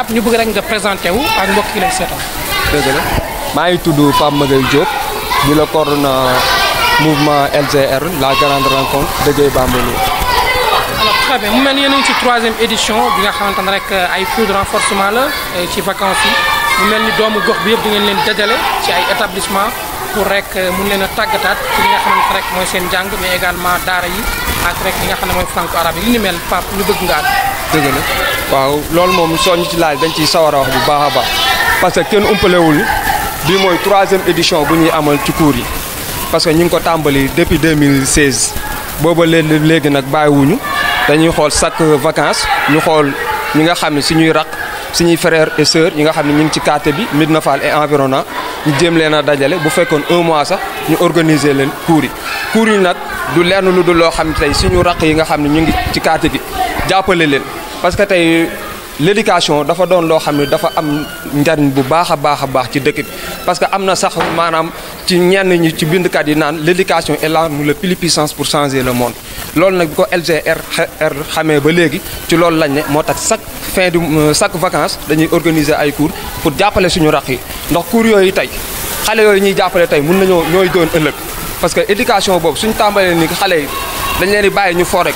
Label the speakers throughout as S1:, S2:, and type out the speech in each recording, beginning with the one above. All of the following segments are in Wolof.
S1: ab ñu bëgg rek nga présenté wu ak mbokk yi lay seetaan.
S2: dëgg la maa ngi tudd Pape Maguette Diop ñu la coordonnateur mouvement LGR la grande rencontre de Gueye Bambilor.
S1: alors très bien mu mel ni yéen a ngi ci troisième édition bi nga xamante ne rek euh, ay coup de renforcement la euh, ci vacances yi mu mel ni doomu gox bi yëpp di ngeen leen dajale ci ay établissement pour rek euh, mun leen a tàggataat ci nga xamante rek mooy seen jàng mais également daara yi. ak nga xam ne mooy franco arabe yi li ni
S2: waaw loolu moom soo ñu ci laaj dañ ciy sawar wax bu baax a baax parce que kenn umpalewul bi mooy troisième édition bu ñuy amal ci cours yi parce que ñu ngi ko tàmbali depuis 2016 booba léegi nag bàyyiwuñu dañuy xool chaque vacance ñu xool ñi nga xam ne suñuy raq suñuy frères et sœurs ñi nga xam ne ñu ngi ci quartier bi Médina Fall et environnant ñu jéem leen bu fekkoon un mois sax ñu organiser leen cours yi cours yi nag du lenn lu du lo xam tay suñu raq yi nga xamni ñu ngi ci quartier bi jàppale leen parce que tay l'éducation dafa doon lo xamni dafa am njariñ bu baaxa baaxa baax ci dëkk bi parce que amna sax manam ci ñenn ñi ci bindkat yi naan l'éducation est l'arme la plus puissance pour changer le monde loolu nak biko LGR LGR xamee ba léegi ci loolu lañ ne moo tax chaque fin du euh, chaque vacances dañuy organiser ay cours pour jappalé suñu rax yi ndax cours yoy tay xalé yoy ñuy jappalé tay mun nañoo ñooy doon ëllëg parce que éducation boobu suñu tambalé ni xalé yi dañ leen di bàyyi ñu foo rek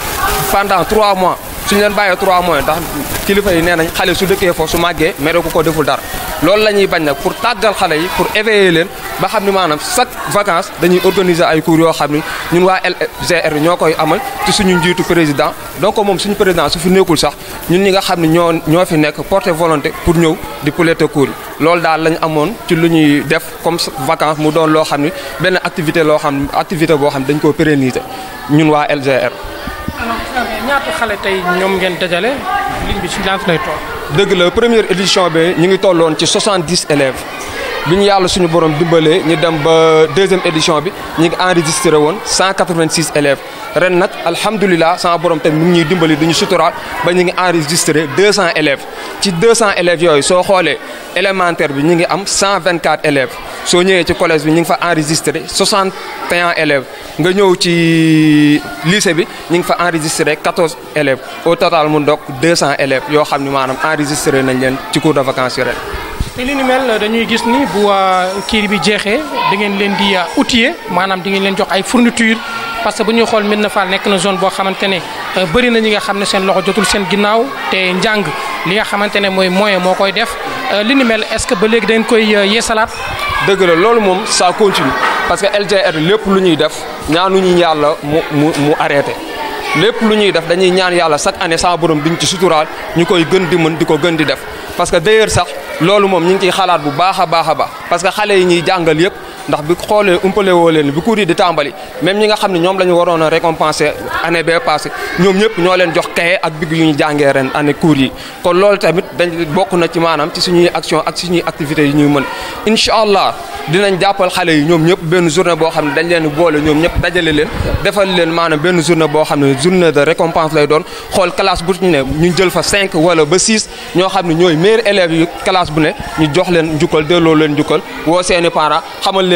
S2: pendant 3 mois suñu leen bàyyee trois mois ndax kilifa yi nee nañ xale su dëkkee fo su màggee mere ko ko deful dara lool lañuy bañ nak pour tagal xale yi pour éveiller leen ba xamni manam chaque vacances dañuy organiser ay cours yo xamni ñun wa LGR ñoo koy amal ci suñu njiitu président donc moom suñu président su fi nekkul sax ñun ñi nga xamni ño ño fi nekk porter volonté pour ñëw di couler cours yi loolu daal lañ amoon ci lu ñuy def comme vacances mu doon loo xam ni benn activité loo xam activité boo xam dañ koo pérenniser ñun waa LGR
S1: ñaata xale tey ñoom ngeen dajale
S2: lim bi ci lan lay toll. dëgg la première édition bi ñu ngi tolloon ci soixante dix élèves. bi ñu yàlla suñu borom dimbalee ñu dem ba deuxième édition bi ñu ngi enregistré woon 186 élèves ren nag alhamdulilah sama borom tamit mu ngi ñuy dimbali duñu sutural ba ñu ngi enregistré 200 élèves ci 200 élèves yooyu soo xoolee élémentaire bi ñu ngi am 124 élèves soo ñëwee ci collège bi ñu ngi fa enregistré 61 élèves nga ñëw ci lycée bi ñu ngi fa enregistré 14 élèves au total mu ndokk 200 élèves yoo xam ne maanaam enregistré nañ leen ci cours de vacances yi ren
S1: te li ni mel dañuy gis ni bu euh, kii bi jeexee da ngeen leen di euh, outiller maanaam di ngeen leen jox ay fourniture parce que bu ñuy xool Médina Fall nekk na zone boo xamante ne euh, bëri na ñi nga xam ne seen loxo jotul seen ginnaaw te njàng li nga xamante ne mooy moyen moo koy def li ni mel est-ce que ba léegi dañ koy yeesalaat.
S2: dëgg la loolu moom ça continue parce que LGR lépp lu ñuy def ñaanuñu yàlla mu mu mu arrêté. lépp lu ñuy def dañuy ñaan yàlla chaque année sans borom duñ ci suturaal ñu koy gën di mën di ko gën di def parce que d'ailleurs sax loolu moom ñu ngi ciy xalaat bu baax a baax a parce que xale yi ñuy jàngal yëpp ndax bi xoolee umpale woo leen bi cours yi di tàmbali même ñi nga xamni ñom lañu la récompenser année bee passé ñom ñep ño leen jox cahier ak bigg yu ñu jàngé ren année cours yi kon lool tamit dañ bokk na ci manam ci suñu action ak suñu activité yi ñuy mën inshallah dinañ jàppal xale yi ñom ñep ben journée bo xamni dañ leen bolé ñom ñep dajale leen defal leen manam ben journée bo xamni journée de récompense lay doon xol classe bu ñu ne ñu jël fa 5 wala ba 6 ño xamni ñoy meilleur élève yu classe bu ne ñu jox leen jukkal de lo leen jukkal wo seeni parents xamal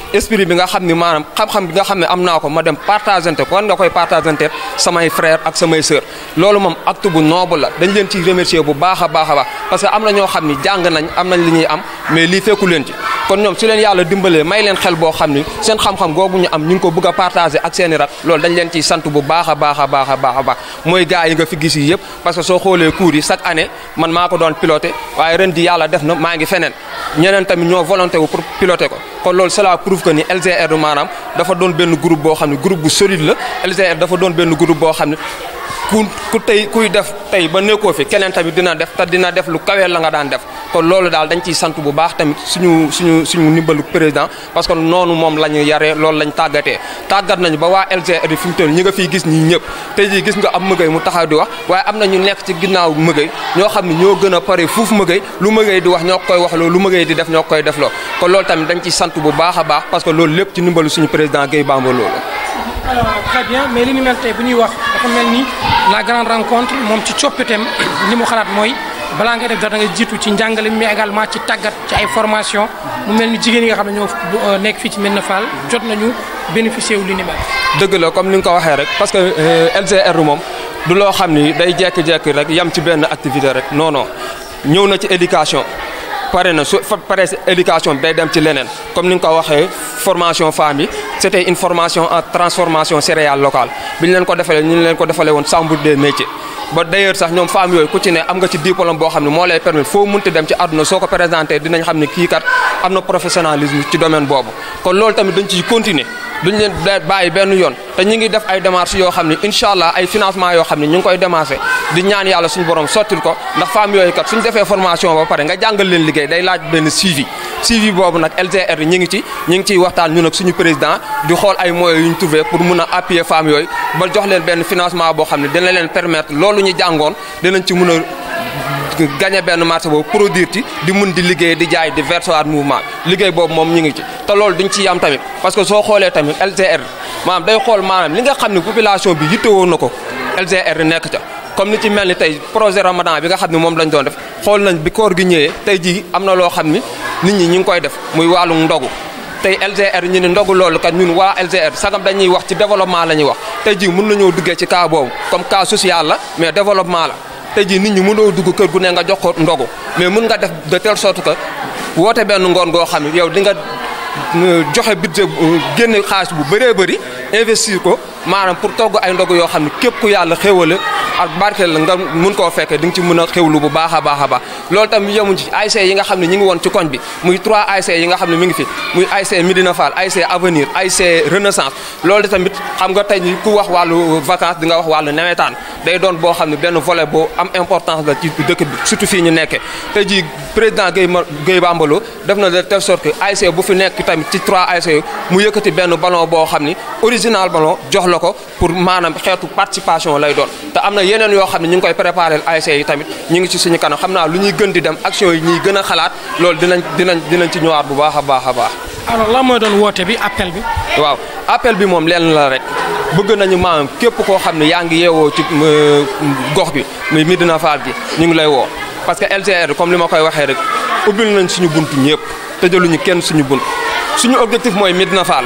S2: esprit bi nga xam ni maanaam xam-xam bi nga xam ne am naa ko ma dem partagente ko nga koy partagente samay frère ak samay sœur loolu moom acte bu noble la dañ leen ci remercier bu baax a baax a baax parce que am na ñoo xam ni jàng nañ am nañ li ñuy am mais lii leen kon ñoom su leen yàlla dimbalee may leen xel boo xam ni seen xam googu ñu am ñu ko bëgg a ak seen i rak loolu dañ leen ciy sant bu baax a baax baax a baax a mooy gars yi nga fi gis yëpp parce que soo xoolee cours yi chaque année man maa ko doon piloté waaye ren di yàlla def na maa ngi feneen ñeneen tamit ñoo volonté wu pour piloter ko kon loolu cela prouve que ni LGR du maanaam dafa doon benn groupe boo xam ne groupe bu solide la LGR dafa doon benn groupe boo xam ne ku ku tey kuy def tey ba nekkoo fi keneen tamit dina def te dina def lu kawee la nga daan def kon loolu daal dañ ciy sant bu baax tamit suñu suñu suñu nimbalu président parce que noonu moom la ñu yaree loolu lañ tàggatee tàggat nañu ba waa LGR fi mu toll ñi nga fiy gis ñi ñëpp tey jii gis nga am mëgëy mu taxaw di wax waaye am na ñu nekk ci ginnaaw mëgëy ñoo xam ne ñoo gën a pare fuuf mëgëy lu mëgëy di wax ñoo koy wax loo lu mëgëy di def ñoo koy def loo kon loolu tamit dañ ci sant bu baax a baax parce que loolu lépp ci nimbalu suñu président Guèye Bamba loolu
S1: alors très bien mais li ñu mel tey bu ñuy wax dafa mel ni la grande rencontre moom ci coppitem li mu xalaat mooy balaa nga def dara da nga jiitu ci njàngale mi également ci tàggat ci ay formation mu mel ni jigéen yi nga xam ne ñoo nekk fii ci Médina Fall jot nañu bénéficier wu li ni
S2: dëgg la comme ni nga ko waxee rek parce que euh, LGR moom du loo xam ni day jékki-jékki rek yam ci benn activité rek non non ñëw na ci éducation. pare na su pare éducation day dem ci leneen comme ni nga ko waxee formation femme yi c'était une formation en transformation céréale locale biñu leen ko defalee ñu leen ko defalee woon chambre des métiers ba d'ailleurs sax ñoom femmes yooyu ku ci ne am nga ci diplôme boo xam ne moo lay permettre foo munti dem ci àdduna soo ko présenté dinañ xam ne kii kat am na professionnalisme ci domaine boobu kon lool tamit dañ ciy continuer duñ leen bàyyi benn yoon te ñu ngi def ay démarches yoo xam ne incha allah ay financement yoo xam ne ñu koy démarché di ñaan yàlla suñu borom sottil ko ndax femmes yooyu kat suñ defee formation ba pare nga jàngal leen liggéey day laaj benn suivi suivi boobu nag LGR ñu ngi ci ñu ngi ciy waxtaan ñun ak suñu président di xool ay moyens yu ñu pour mun a appuyer femmes yooyu ba jox leen benn financement boo xam ne dina leen permettre loolu ñu jàngoon dinañ ci mun a gagné benn marché boobu produire ci di mun di liggéey di jaay di versoir mouvement liggéey boobu moom ñu ngi ci te loolu duñ ci yam tamit parce que soo xoolee tamit LGR maanaam day xool maanaam li nga xam ne population bi yittewoo na ko LGR nekk ca comme ni ci mel ni tey projet Ramadan bi nga xam ne moom lañ doon def xool nañ bi koor gi ñëwee tey jii am na loo xam ni nit ñi ñu ngi koy def muy wàllum ndogu tey LGR ñu ne ndogu loolu kat ñun waa LGR sagam dañuy wax ci développement la ñuy wax te jii mun na ñoo duggee ci cas boobu comme cas social la mais développement la tey jii nit ñi mënoo dugg kër gu nee nga jox ko ndogu mais mën nga def de telle sorte que woote benn ngoon goo xam ne yow di nga euh, joxe budget génne xaas bu bëree bëri investir ko maanaam pour togg ay ndogu yo xamni kep képp ku yàlla xéwale ak barkel la nga mun koo fekkee di ci mëna xewlu bu baax a ba lol tam yemuñ ci ASC yi nga xamni ñi ngi won ci koñ bi muy 3 ASC yi nga xamni mi ngi fi muy ASC Medina Fall ASC Avenir ASC Renaissance loolu tamit xam nga tey ku wax walu vacances di nga wax walu nawetaan day doon bo xamni ne benn volet boo am importance la ci dëkk bi surtout fii ñu nekkee tay ji président Gueye Guèye Bambalo def na de telle sorte que ASC bu fi nekk tamit ci 3 ASC mu yëkëti benn ballon bo xamni original ballon jox lako pour manam xeetu participation lay doon te amna yenen yo xamni ñu ngi koy préparer ASC yi tamit ñu ngi ci suñu kanam xamna lu ñuy gën di dem action yi ñi gëna xalaat lool dinañ dinañ dinañ ci ñëwaat bu baaxa baaxa baax a baax. alors lan mooy doon woote bi appel bi. waaw appel bi mom lenn la rek bëgg nañu maanaam képp ko xamni ne yaa ngi yeewoo ci euh, gox bi muy Médina Fall gi ñu ngi lay woo parce que LCR comme li ma koy waxee rek ubbil nañ suñu buntu ñëpp jëluñu kenn suñu buntu suñu objectif mooy Médina faal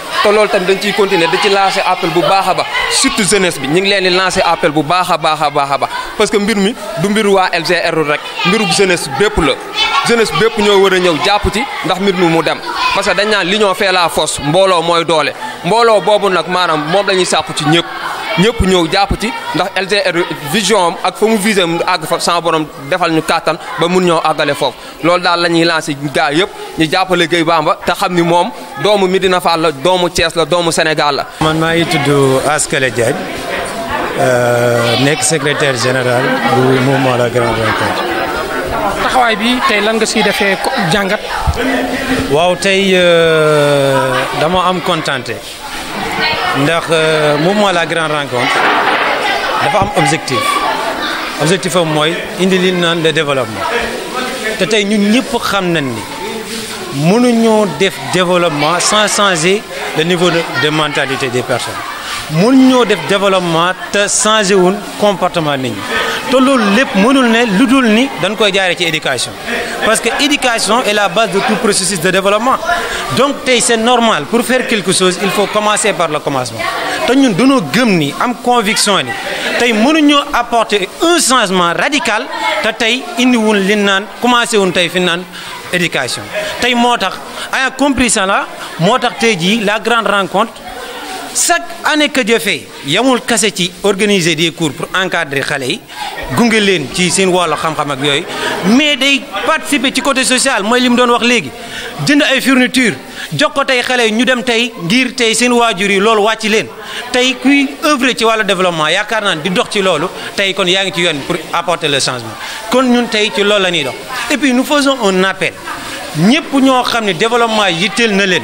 S2: te loolu tamit dañ ciy continuer da ci lancer appel bu baax a baax surtout jeunesse bi ñu ngi leen di lancer appel bu baax a baax a baax a baax parce que mbir mi du mbiru waa LGR rek mbiru jeunesse bépp la jeunesse bépp ñoo war a ñëw jàpp ci ndax mbir mi mu dem parce que dañ naan l'union fait la force mbooloo mooy doole mbooloo boobu nag maanaam moom la ñuy ci ñëpp. ñëpp ñëw jàpp ci ndax LGR vision ak fa mu visé ak àgg fa sans borom defal ñu kàttan ba mun ñëw àggale foofu loolu daal la ñuy lancé gaa yëpp ñu jàppale Gueye Bamba te xam ni moom doomu Medina Fall la doomu Thiès la doomu Sénégal la.
S3: man maa ngi tudd Askale Diagne euh, nekk secretaire général bu mouvement la grande rencontre.
S1: taxawaay bi tey lan nga siy defee jàngat.
S3: waaw tey euh, dama am contenté. ndax euh, mouvement la grande rencontre dafa am objectif objectif am mooy indi le développement te tey ñun ñëpp xam nañ ni développement sans changer le niveau de mentalité des personnes mënuñoo def développement sans changer comportement tout ce qui mënul ne ni dañ éducation parce que l'éducation est la base de tout processus de développement donc c'est normal pour faire quelque chose il faut commencer par le commencement T'ay ñun dañoo gëm ni am conviction ni devons apporter un changement radical t'ay tey indiwul li nan commencer wuñ t'ay fi éducation compris cela, là moo tax la grande rencontre chaque année que j'ai fait yamul kase ci organisé des cours pour encadrer les yi gunge ci seen wàllu xam-xam ak yooyu mais day participer ci côté social mooy li mu doon wax léegi jënd ay fourniture jox ko tey xale ñu dem tey ngir tey seen waajur yi loolu wàcc leen tey kuy œuvre ci wàllu développement yaakaar naa di dox ci loolu tey kon yaa ngi ci yoon pour apporter le changement kon ñun tey ci loolu la ñuy dox et puis nous faisons un appel ñëpp ñoo xam ne développement yitteel na leen.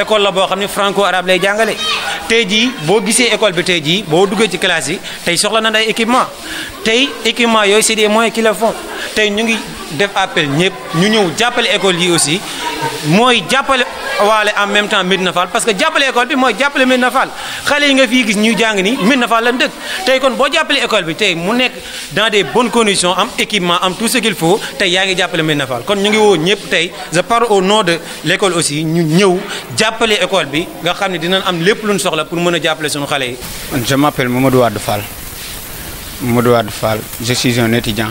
S3: école la boo xam ne franco arabe lay jàngale tey jii boo gisee école bi tey jii boo duggee ci classe yi tey soxla na ay équipement tey équipement yooyu c'est des moyens qui le tey ñu ngi def appel ñëpp ñu ñew jappel école yi aussi moy jappel walé en même temps medina Fall parce que jàppale école bi moy jàppale medina Fall xale nga fi gis ñu jang ni medina Fall lan dëkk tay kon bo jàppale école bi tay mu nekk dans des bonnes conditions am équipement am tout ce qu'il faut tay ya nga jàppale medina Fall kon ñu ngi wo ñep tay je parle au nom de l'école aussi ñu ñew jàppale école bi nga xamni dinañ am lepp luñ soxla pour mëna a suñu xalé yi.
S4: Je m'appelle Mamadou wad Fall Mamadou wad Fall je suis un étudiant.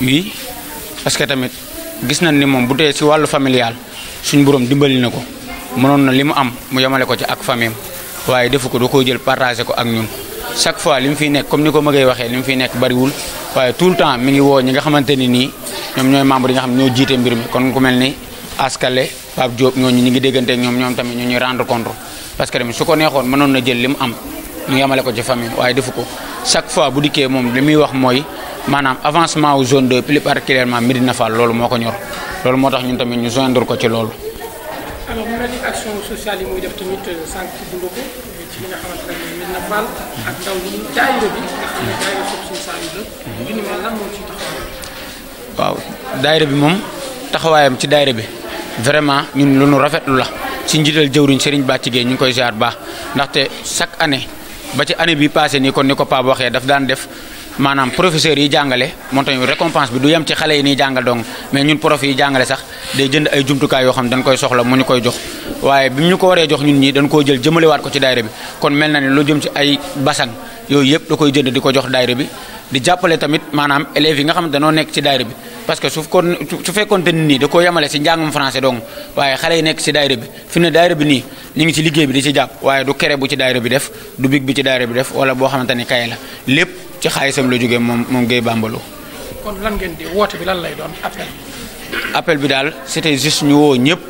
S4: oui parce que tamit gis na ni moom bu dee ci wàllu familial suñu borom dimbali na ko mënoon na li mu am mu yemale ko ci ak famille waaye defu ko da koo jël partagé ko ak ñun chaque fois li fi fiy nekk comme ni ko mëgee waxee li mu fiy nekk bariwul waaye tout le temps mi ngi woo ñi nga xamante ni nii ñoom ñooy membre yi nga xam ñoo jiite mbir mi kon ku mel ni askale Pape Diop ñooñu ñu ngi déggante ñoom ñoom tamit ñu ñuy rendre compte parce que tamit su ko neexoon mënoon na jël li mu am mu yemale ko ci famille waaye defu ko chaque fois bu dikkee moom li muy wax mooy maanaam avancement wu zone de plus particulièrement Médina Fall loolu moo ko ñor loolu moo tax ñun tamit ñu joindre ko ci loolu. ko
S1: euh, ci li nga bi nga xam ne
S4: waaw daayira bi moom taxawaayam ci daayira bi vraiment ñun lu nu rafetlu la ci njiital jëwriñ Serigne Bathie Gueye ñu ngi koy jaar baax ndaxte chaque année. ba ci année bi passé nii kon ni ko Pape waxee daf daan def maanaam professeur yi jàngale moom tamit récompense bi du yem ci xale yi nii jàngal dong mais ñun prof yi jàngale sax day jënd ay jumtukaay yoo xam dañ koy soxla mu ñu koy jox waaye bi ñu ko waree jox ñun ñi dañ koo jël jëmalewaat ko ci daayira bi kon mel na ne lu jëm ci ay basan yooyu yëpp da koy jënd di ko jox daayira bi di jàppale tamit maanaam élèves yi nga xam ne danoo nekk ci daayira bi parce que su kon su fekkoon te nii da koo yemale si njàngum français donc waaye xale yi nekk si daayira bi fi ne daayira bi nii ñu ngi si liggéey bi di si jàpp waaye du kere bu ci daayira bi def du big bi ci daayira bi def wala boo xamante ni kay la lépp ci xaalisam la jógee moom moom Guèye Bambaloo.
S1: kon lan ngeen di woote bi lan lay doon appel.
S4: appel bi daal c'était juste ñu woo ñëpp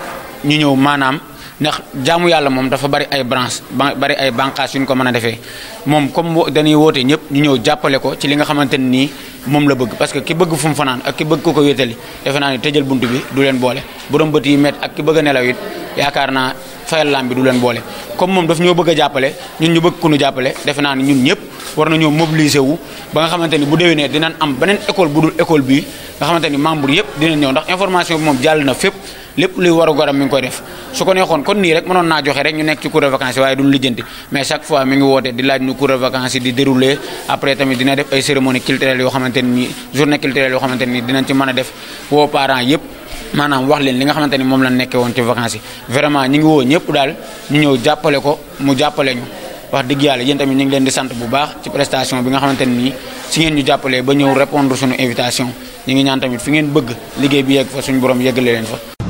S4: ñu ñëw maanaam. ndax jaamu yàlla moom dafa bari ay branche bari ay bànqaas yu ñu ko mën a defee moom comme dañuy woote ñëpp ñu ñëw jàppale ko ci li nga xamante ne nii moom la bëgg parce que ki bëgg fu mu fanaan ak ki bëgg ko ko wéetali defe naa ne tëjal bunt bi du leen boole borom bët yi met ak ki bëgg a nelaw it yaakaar naa fayal laam bi du leen boole comme moom daf ñoo bëgg a jàppale ñun ñu bëgg ku ñu jàppale defe naa ne ñun ñëpp war nañoo mobiliser wu ba nga xamante ni bu déwénee dinañ am beneen école bu dul école bii nga xamante ni membre yëpp dinañ ñëw ndax information bi moom jàll na fépp lépp luy waru garam mi ngi koy def su ko neexoon kon nii rek mënoon naa joxe rek ñu nekk ci cours de vacances waaye duñ lijjanti mais chaque fois mi ngi woote di laaj ñu cours de vacances yi di déroulé après tamit dina def ay cérémonie culturelle yoo xamante ni journée culturelle yoo xamante ni dinañ ci mën a def woo parents yëpp maanaam wax leen li nga xamante ni moom la nekkee woon ci vacances yi vraiment ñu ngi woo ñëpp daal ñu ñëw jàppale ko mu jàppale wax dëgg yàlla yéen tamit ñu ngi leen di sant bu baax ci prestation bi nga xamante ne nii si ngeen ñu jàppalee ba ñëw répondre ñu ngi ñaan tamit ngeen bëgg liggéey bi yegg fa suñu borom yeggale leen fa